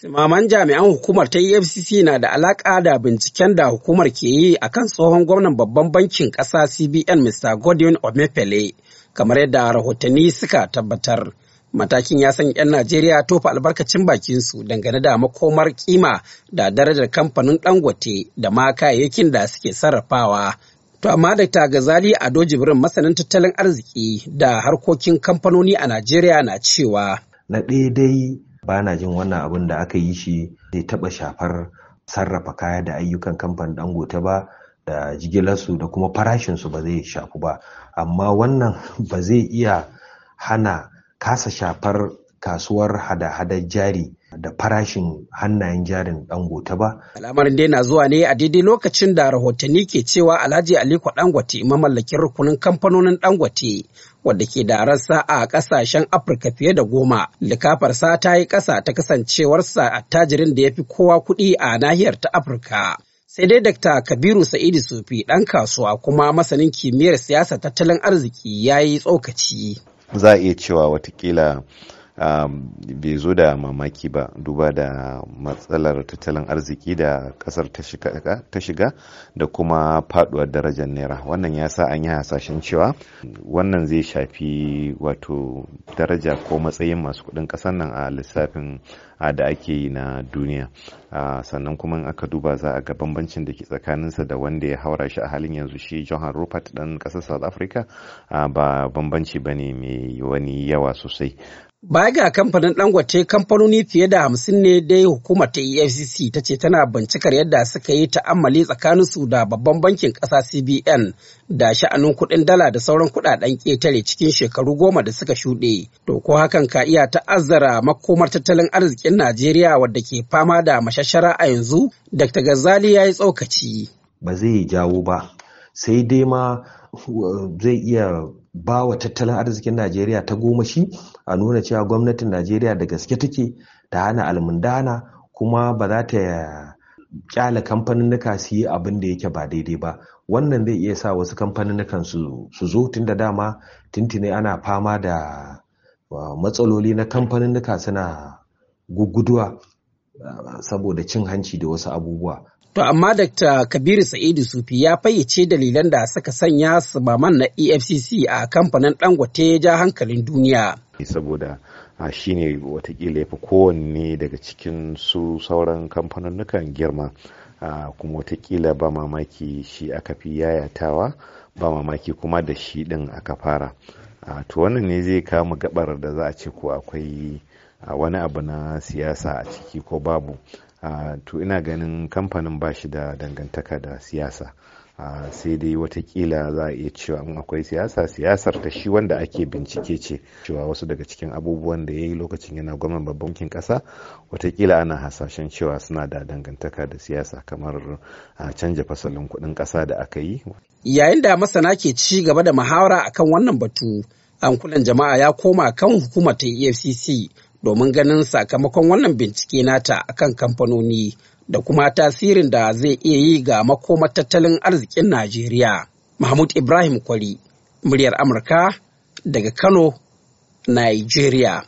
Simaman jami'an hukumar ta EFCC na da alaƙa da binciken da hukumar ke yi a kan tsohon gwamnan babban bankin ƙasa CBN Mr. Godwin Omefele, kamar yadda rahotanni suka tabbatar. Matakin ya san 'yan Najeriya tofa albarkacin bakinsu dangane da makomar kima da darajar kamfanin Dangote da ma kayayyakin da suke sarrafawa. To amma ta Gazali Ado Jibrin masanin tattalin arziki da harkokin kamfanoni a Najeriya na cewa. Na ɗaya dai bana jin wannan abin da aka yi shi zai taɓa shafar sarrafa kaya da ayyukan kamfanin dangote ba da jigilarsu da kuma farashinsu ba zai shafu ba amma wannan ba zai iya hana kasa shafar kasuwar hada-hadar jari da farashin hannayen jarin dangote ba. Al'amarin dai na zuwa ne a daidai lokacin da rahotanni ke cewa Alhaji Aliko Dangote mamallakin rukunin kamfanonin Dangote wadda ke da rassa a kasashen Afirka fiye da goma. Likafarsa ta yi ƙasa ta kasancewarsa tajirin da ya fi kowa kuɗi a nahiyar ta Afirka. sai dai Dr. Kabiru Sa'idu Sufi ɗan kasuwa kuma masanin kimiyyar siyasa tattalin arziki ya yi tsokaci. Za a iya cewa watakila bai zo da mamaki ba duba da matsalar tattalin arziki da kasar ta shiga da kuma faduwar darajar naira wannan ya sa an yi hasashen cewa wannan zai shafi wato daraja ko matsayin masu kudin kasar nan a lissafin da ake yi na duniya sannan kuma in aka duba za a ga bambancin da ke tsakaninsa da wanda ya haura shi a halin yanzu shi johan rupert dan kasar south africa ba bambanci ba ne mai wani yawa sosai Baya ga kamfanin Dangote kamfanoni fiye da hamsin ne dai hukumar ta EFCC ta ce tana bincikar yadda suka yi ta'ammali su da babban bankin ƙasa CBN da sha'anin kuɗin dala da sauran kuɗaɗen ƙetare cikin shekaru goma da suka shuɗe. To ko hakan ka iya ta'azzara makomar tattalin arzikin Najeriya wadda ke fama da mashashara a yanzu? Dr. Gazali ya yi tsokaci. Ba zai jawo ba sai dai ma uh, zai iya ba wa tattalin arzikin najeriya ta goma shi a nuna cewa gwamnatin najeriya da gaske take ta hana almundana kuma ba za ta kyale kamfaninnika su yi abin da yake ba daidai ba wannan zai iya sa wasu kamfaninnikan su zo tun da dama tuntuni ana fama da uh, matsaloli na kamfaninnika suna guguduwa uh, saboda cin hanci da wasu abubuwa To amma Dr. Kabiru Sa'idu Sufi ya fayyace dalilan da suka sanya su subaman na EFCC a kamfanin Dangote ya ja hankalin duniya. Saboda a shi ne watakila ya fi kowanne daga cikin su sauran kamfanonukan girma kuma watakila ba mamaki shi aka fi yayatawa ba mamaki kuma da shi ɗin aka fara. To wannan ne zai kama gabar da za a ce ko akwai wani abu na siyasa a ciki ko babu to ina ganin kamfanin ba shi da dangantaka da siyasa sai dai watakila za a iya cewa in akwai siyasa siyasar ta shi wanda ake bincike ce cewa wasu daga cikin abubuwan da ya yi lokacin yana gwamnan babban kin kasa watakila ana hasashen cewa suna da dangantaka da siyasa kamar a canja fasalin kuɗin ƙasa da aka yi yayin da masana ke ci gaba da muhawara akan wannan batu an kulan jama'a ya koma kan hukumar ta efcc domin ganin sakamakon wannan bincike nata akan kamfanoni da kuma tasirin da zai iya yi ga makoma tattalin arzikin Najeriya. Mahmud Ibrahim Kwari, muryar Amurka daga Kano, Nigeria.